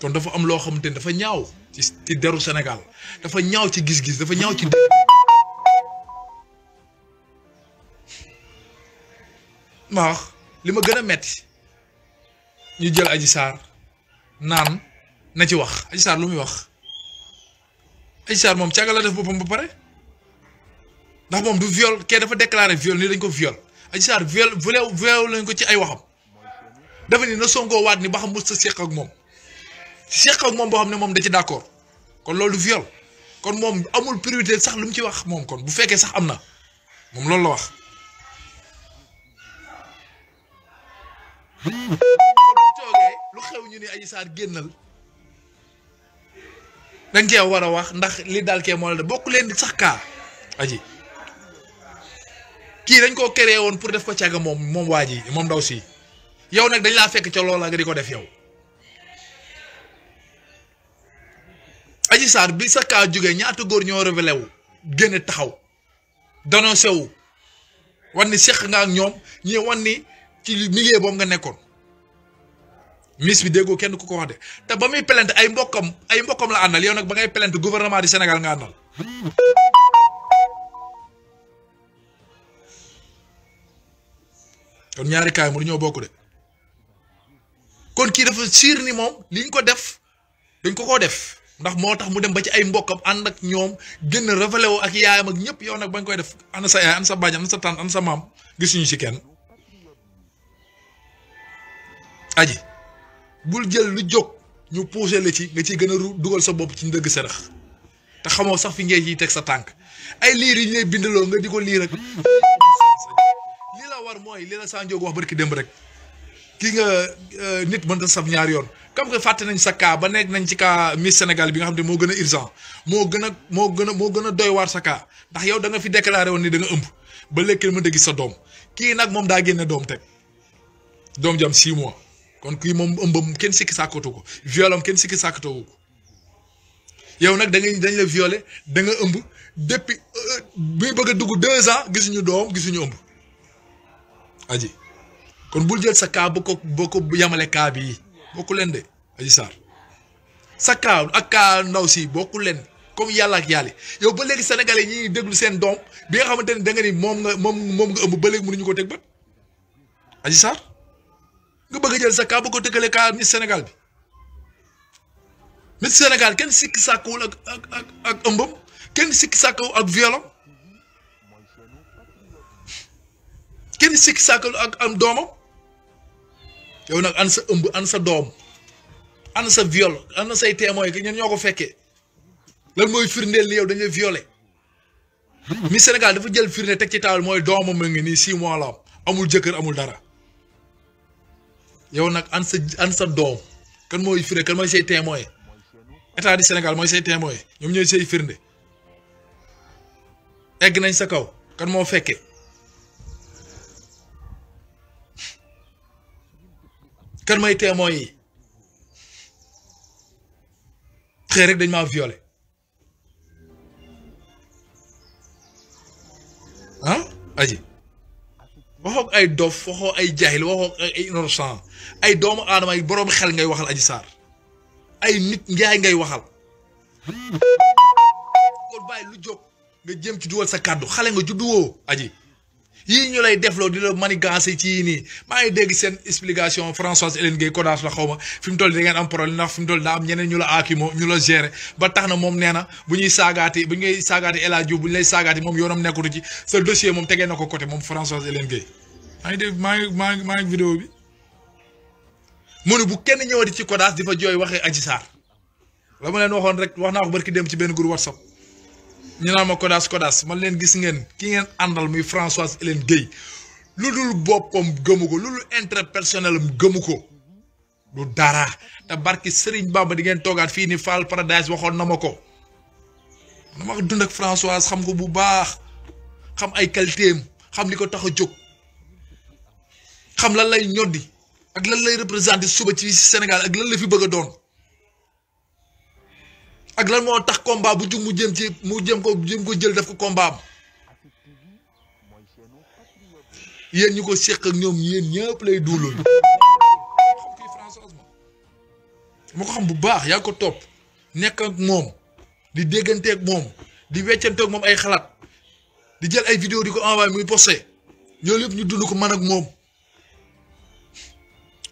kon dafa am loo xamante ni dafa ñaaw ci ci deru Sénégal dafa ñaaw ci gis-gis dafa ñaaw ci. ma wax li ma gën a metti ñu jël Adji Sarr naan na ci wax Adji Sarr lu muy wax Adji moom càggal la def boppam ba pare ndax moom du viol kee dafa déclaré viol nii dañ ko viol Adji Sarr viol viol lañ ko ci ay waxam dafa ni na Sonko waat ni ba xam mos sa seq ak moom. seq ak moom boo xam ne moom da ci d'accord kon loolu viol kon moom amul priorité sax lu mu ci wax moom kon bu fekkee sax am na moom loolu la wax. lu xew ñu ni Adji Sarr génnal dañ cee war a wax ndax li daal kee moo la de bokk leen di sax kaa aji kii dañ koo créé woon pour def ko càgg moom moom waa ji moom ndaw si yow nag dañ laa fekk ca loola nga di ko def yow. Adji bi sa kaa jógee ñaata góor ñoo révélé wu taxaw dénoncé wu wan ni seq nga ñoom ñi wan ni ci liggéey boobu nga nekkoon miss bi déggoo kenn ku ko wax de te ba muy plainte ay mbokkam ay mbokkam la àndal yow nag ba ngay plainte gouvernement du Sénégal nga àndal. kon ñaari kaay mu ñoo bokk de kon kii dafa siir ni moom liñ ko def dañ ko koo def. ndax moo tax mu dem ba ci ay mbokkam ànd ak ñoom génn révélé woo ak yaayam ak ñëpp yow nag bañ koy def ana sa yaay ana sa bàjjan ana sa tànt ana sa maam gisuñu ci kenn. aji bul jël lu jóg ñu poussé la ci nga ciy gën a dugal sa bopp ci ndëgg sërëx te sax fi ngay ciy teg sa tànk ay liir yi ñu lay bindaloo nga di ko lii rek. li la war mooy li la Sanjog wax barki démb rek. ki nga euh, nit mën na saf ñaar yoon comme que fàtte nañ sa cas ba nekk nañ ci cas Miss bi nga xam ne moo gën a urgent moo gën a moo gën a moo gën a waar sa cas ndax yow da fi déclaré woon ni da nga ëmb ba léegi mën a gis sa doom kii nag moom daa génne doom teg doom jam 6 mois kon kii moom ëmbam kenn sikki sàkkatu ko violam kenn sikki sàkkatawu ko yow nag danga dañ la violé da nga ëmb depuis euh, bi bëgg a dugg deux ans gisuñu doom gisuñu ëmb aji kon bul jël sa cas boo ko boo ko yamale cas bokk bokku leen de Adji Sarr sa cas ak cas ndaw si bokku leen comme yàlla ak yàlla yow ba léegi senegal yi ñuy déglu seen doom bi nga xamante ne da nga moom nga moom moom nga ëmb ba léegi mënuñu ko teg bët Adji nga bëgg a jël sa cas boo ko tëkkalee cas Miss Sénégal bi Miss Sénégal kenn sikki sàkkuwul ak ak ak ak kenn sikki sàkkuwul ak violam kenn sikki sàkkuwul ak am doomam yow nag an sa ëmb an sa doom an sa viol an say témoin que ñun ñoo ko mooy firndeel ni yow dañuy mi Sénégal dafa jël firnde teg ci taawal mooy doomam la ngi nii six mois la amul jëkkër amul dara yow nag an sa sa doom kan moo firnde kan mooy say témoin état du Sénégal mooy say témoin ñoom ñooy say firnde egg nañ sa kaw kan moo fekkee kan may témoin yi rek dañ maa violé ah aji waxoog ay dof waxoo ay jaahil waxoo ay innocent ay doomu aadama ay boroom xel ngay waxal aji saar ay nit njaay ngay waxal kon bàyyi lu jóg nga jëm ci duwal sa kàddu xale nga judduwoo aji yii ñu lay defloo di la manigancé ci yii nii maa ngi dégg seen explication Françoise Hélène Guèye Kodas la xaw ma fi mu toll da ngeen am problème ndax fi mu toll daa am ñeneen ñu la aakimoo ñu la gérer ba tax na moom neena na bu ñuy saagaati bu ñuy saagaati El bu ñu lay saagaati moom yoonam nekkatu ci sa dossier moom tegee na ko côté moom Françoise Hélène Guèye maa ngi maa ngi maa ngi maa bi mu bu kenn ñëwati ci Kodas di fa jooy waxee Adji Sarr la ma leen waxoon rek wax naa ko barki dem ci benn groupe WhatsApp ñu naa ma Kodas Kodas man leen gis ngeen ki ngeen àndal muy Françoise Hélène Guèye lu dul boppam gëmu ko lu dul intérêt personnel gëmu ko du dara te barki Serigne Bamba di ngeen toogaat fii ni Fall Paradise waxoon na ma ko dama ko dund ak Françoise xam ko bu baax xam ay qualité xam li ko tax a jóg xam lan lay ñoddi ak lan lay représenté suba ci Sénégal ak lan la fi bëgg a doon. ak lan moo tax combat bu jug mu jëm ci mu jëm ko jëm jël def ko combat am yéen ñu ko séq ak ñoom yéen ñëpp lay duulul ma ko xam bu baax yaa ko topp nekk ak moom di dégganteeg moom di weccanteeg moom ay xalaat di jël ay vidéo di ko envoyé muy posté ñoo yëpp ñu dund ko man ak moom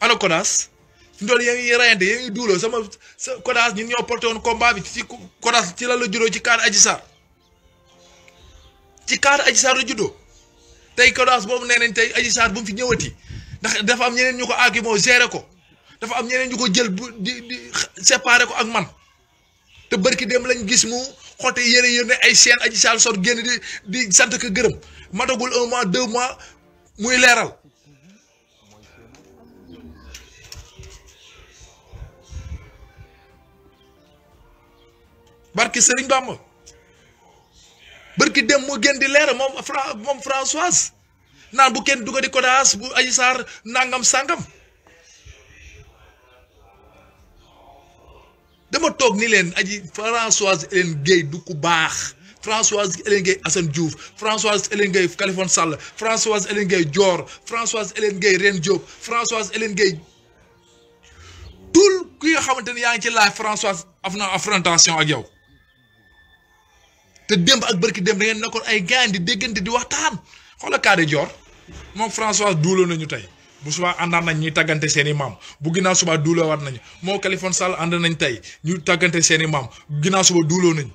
ana fi dool yéen ngi rayante yéen ngi duuloo sama sa Kodas ñun ñoo porté woon combat bi ci Kodas ci la la juddoo ci kaar Adji Sarr ci kaar Adji Sarr la juddoo tey Kodas boobu nee nañ tey Adji Sarr bu mu fi ñëwati ndax dafa am ñeneen ñu ko aaki moo ko dafa am ñeneen ñu ko jël bu di di séparé ko ak man te barki dem lañ gis mu xote yére yére ne ay chaîne Adji Sarr sot génn di di sant ko gërëm matagul un mois deux mois muy leeral barki Serigne Bamba barki dem mu gën di leer moom Fra moom Françoise naan bu kenn dugg di Kodaas bu Adji Sarr nangam sangam dama toog ni leen aji Françoise Hélène Guèye du ku baax Françoise Hélène Guèye Assane Diouf Françoise Hélène Guèye Kaliphone Sall Françoise Hélène Guèye Dior Françoise Hélène Guèye Reine Diop Françoise Hélène Guèye tout ki nga xamante ni yaa ngi ci laaj Françoise af na affrontation ak yow. te démb ak barki dem da ngeen nekkoon ay gaañ di déggante di waxtaan xoola kaari joor moom François duuloo nañu tey bu subaa àndaan nañ seen i maam bu ginnaaw subaa duuloo waat nañu moo Kaliphone Sall ànd nañ tey ñu tàggante seeni i maam ginnaaw suba duuloo nañu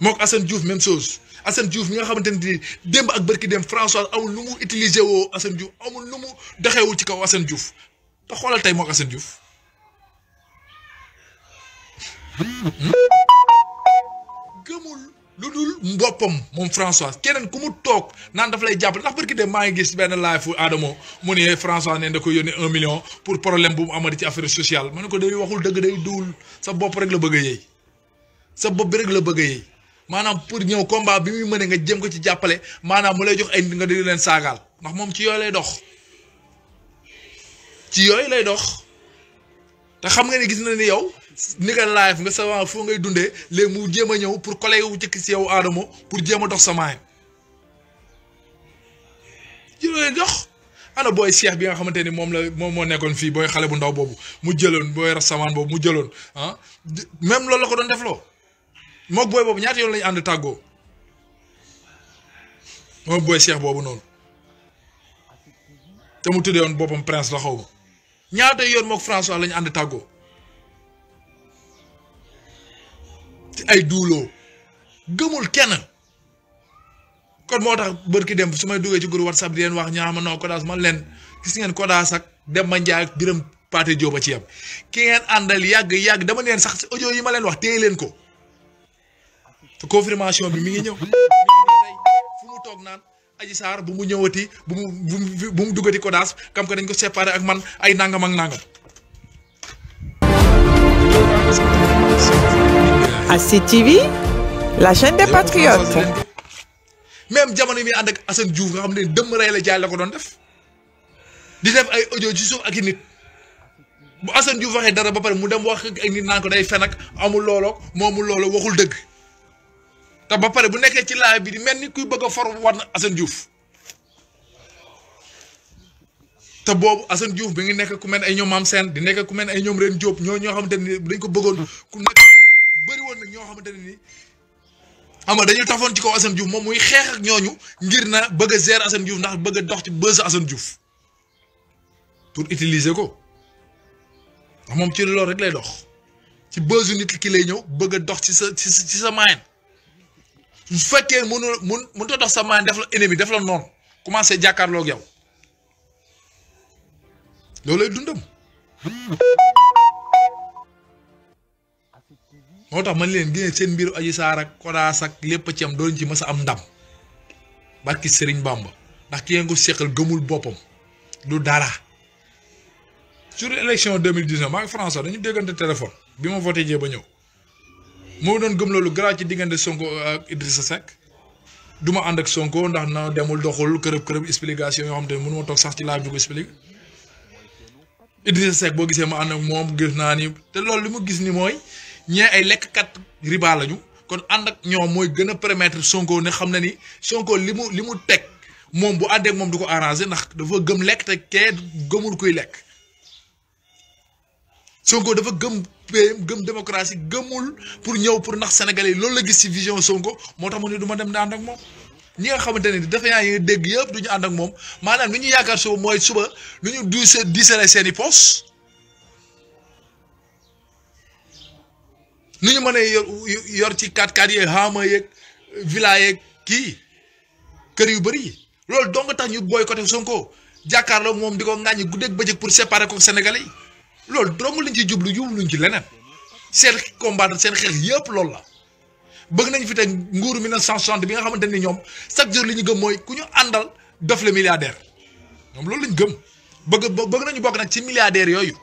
mook Assane Diouf même chose Assane Diouf mi nga xamante ne di démb ak barki dem François amul lu mu utilisé woo Assane Diouf amul lu mu doxewu ci kaw Assane Diouf te xoolal tey mook Assane Diouf hmm? gëmul lu dul boppam moom François keneen ku mu toog naan daf lay jàppale ndax barki de maa ngi gis benn live fu Adamo mu ne François ne da ko yónnee un million pour problème bu mu amati ci affaire sociale ma ne ko day waxul dëgg day duwul sa bopp rek la bëgg a sa bopp bi rek la bëgg a maanaam pour ñëw combat bi muy mëne nga jëm ko ci jàppale maanaam mu lay jox ay nga di leen saagaal ndax moom ci yooyu lay dox ci yooyu lay dox. te xam nga ne gis na ni yow ni nga live nga savant foo ngay dundee léegi mu jéem a ñëw pour collègue wu jëkk si yow Adamo pour jéem a dox sa maayam jëloon jox ana booy Cheikh bi nga xamante ni moom la moom moo nekkoon fii booy xale bu ndaw boobu mu jëloon booy rasamaan boobu mu jëloon ah même loolu la ko doon def loo moog booy boobu ñaata yoon tàggoo moom booy Cheikh boobu noonu te mu tuddee woon boppam prince la xaw ma ñaata yoon moo François lañu ñu ànd tàggoo ci ay duuloo gëmul kenn kon moo tax ki dem su may duggee ci groupe whatsapp di leen wax ñaama non Kodas man leen gis ngeen Kodas ak dem ma njaay ak biram paate jóoba ci yam ki ngeen àndal yàgg yàgg dama leen sax si audio yi ma leen wax téye leen ko confirmation bi mi ngi ñëw fu mu toog naan aji saar bu mu ñëwati bu mu bu mu duggati kodaas kam ko dañ ko séparé ak man ay nangam ak nangam. ASID TV la chaîne des patriotes. même jamono yi muy ànd ak Assane Diouf nga xam ne dëmm rey la jaay la ko doon def di def ay audio ci suuf ak i nit bu Assane Diouf waxee dara ba pare mu dem wax ak ay nit naan day fen ak amul looloo moomul looloo waxul dëgg. te ba pare bu nekkee ci laaj bi di mel ni kuy bëgg a for war na Assane Diouf te boobu Assane Diouf bi ngi nekk ku mel ay ñoom maam seen di nekk ku mel ay ñoom Ren Diop ñoo ñoo xamante ne dañ ko bëggoon ku nekk bëri woon nag ñoo xamante ne ni ama dañu tafoon ci kaw Assane Diouf moom muy xeex ñooñu ngir na bëgg a gérer Assane Diouf ndax bëgg a dox ci bës Assane Diouf pour utiliser ko ndax moom ci loolu rek lay dox ci bësu nit ki lay ñëw bëgg dox ci sa ci sa ci bu fekkee mënu mun mënut dox sa maan def la ennemi def la noonu commencé jàkkaarloo ak yow loolu lay dundam. moo tax man leen génne seen mbiru Adji Sarr ak Kodaas ak lépp ci am doon ci mës sa am ndam barki sëriñ Bamba ndax ki ngeen ko seqal gëmul boppam du dara. sur élection 2019 maa ngi François dañu déggante téléphone bi ma voté jee ba ñëw. moo doon gëm loolu garaaw ci diggante Sonko ak Idrissa Seck du ma ànd ak Sonko ndax na demul doxul kërëb kërëb explication yoo xam te ne toog sax ci laaj bi ko expliqué Idrissa Seck boo gisee ma ànd ak moom gis naa ni te loolu li mu gis ni mooy ñee ay lekkkat riba lañu kon ànd ak ñoom mooy gën a permettre Sonko ne xam na ni Sonko li mu li mu teg moom bu àndee moom du ko arrangé ndax dafa gëm lekk te kee gëmul kuy lekk. Sonko dafa gëm PM gëm démocratie gëmul pour ñëw pour ndax Sénégalais yi loolu la gis ci vision Sonko moo tax mu ne du ma dem di ànd ak moom ñi nga xamante ne dafa yaa ngi dégg yëpp du ñu ànd ak moom maanaam lu ñu yaakaar suba mooy suba lu ñu du diisale seen i poos ni ñu mën a yor yor ci 4x4 yeeg xaama yeeg villa yeeg kii kër yu bëri yi loolu dong tax ñu boycotté Sonko jàkkaarloo moom di ko ŋàññi guddeeg bëccëg pour séparer ko Sénégalais yi. loolu dong lañ ciy jublu jubluñ ci leneen seen combattre seen xeex yëpp loolu la bëgg nañ fi teg nguuru 1960 bi nga xamante ni ñoom chaque jour li ñu gëm mooy ku ñu àndal def le milliardaire ñoom loolu lañ gëm bëgg bëgg nañu bokk nag ci milliardaires yooyu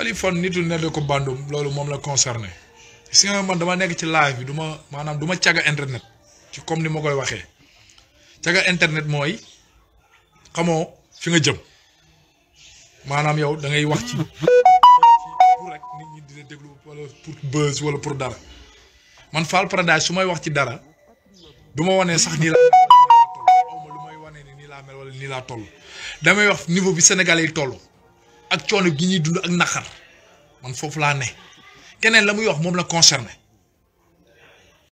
Kaliphone nitu Nedda ko Bandoum loolu moom la concerné si nga man dama nekk ci live bi duma maanaam du ma caga internet ci comme ni ma koy waxee caga internet mooy xamoo fi nga jëm maanaam yow dangay wax ci pour rek nit ñi dina déglu walla pour buzz wala pour dara man Fall Paradise su may wax ci dara du ma wanee sax nii laa ma lu wanee ni nii laa mel nii laa toll damay wax niveau bi sénégal yi toll ak coono gi ñuy dund ak naqar man foofu laa ne keneen la muy wax moom la concerné